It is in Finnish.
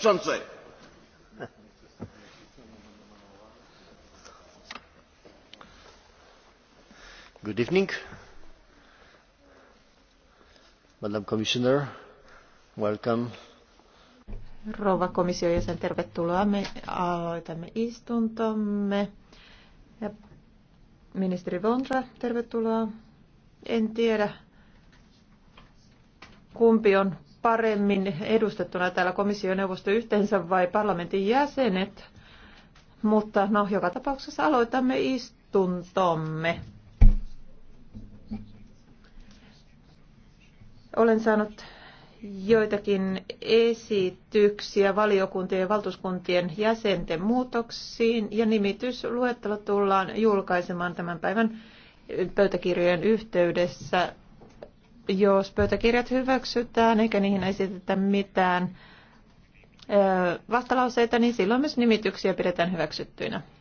przewodniczący! Good evening, Madam Commissioner. Welcome. Rouva komission jäsen, tervetuloa. Me aloitamme istuntomme. Ja ministeri Vondra, tervetuloa. En tiedä, kumpi on paremmin edustettuna täällä komissioneuvosto yhteensä vai parlamentin jäsenet. Mutta no, joka tapauksessa aloitamme istuntomme. Olen saanut joitakin esityksiä valiokuntien ja valtuuskuntien jäsenten muutoksiin ja nimitysluettelo tullaan julkaisemaan tämän päivän pöytäkirjojen yhteydessä jos pöytäkirjat hyväksytään eikä niihin esitetä mitään vastalauseita, niin silloin myös nimityksiä pidetään hyväksyttyinä.